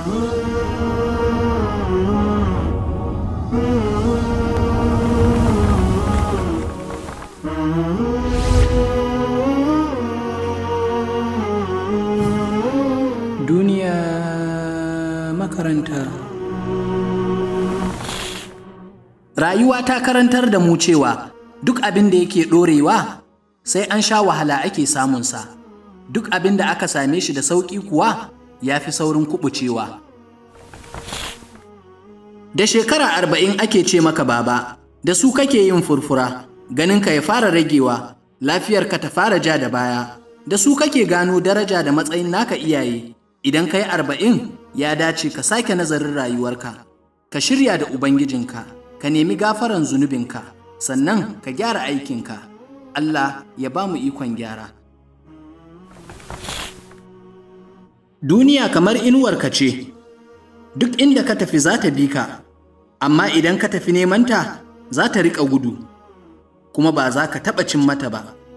Duniya makaranta Rayuwa ta karantar da mu cewa duk abin da yake ɗorewa sai an sha wahala ake samunsa, duk abin da aka same shi da sauƙi kuwa ya fi saurin kubucewa. Da shekara arba'in ake ce maka baba, da su kake yin furfura, ganinka ya fara ragewa, lafiyarka ta fara ja da baya, da su kake gano daraja da matsayin naka iyaye, idan ka yi arba'in ya dace ka sake nazarin rayuwarka, ka shirya da Ubangijinka, ka nemi gafaran zunubinka, sannan ka gyara aikinka. Allah ya ba mu ikon gyara. duniya kamar inuwarka ce duk inda ka tafi za ta bi ka amma idan ka tafi nemanta za ta riƙa gudu kuma ba za ka taɓa cin mata ba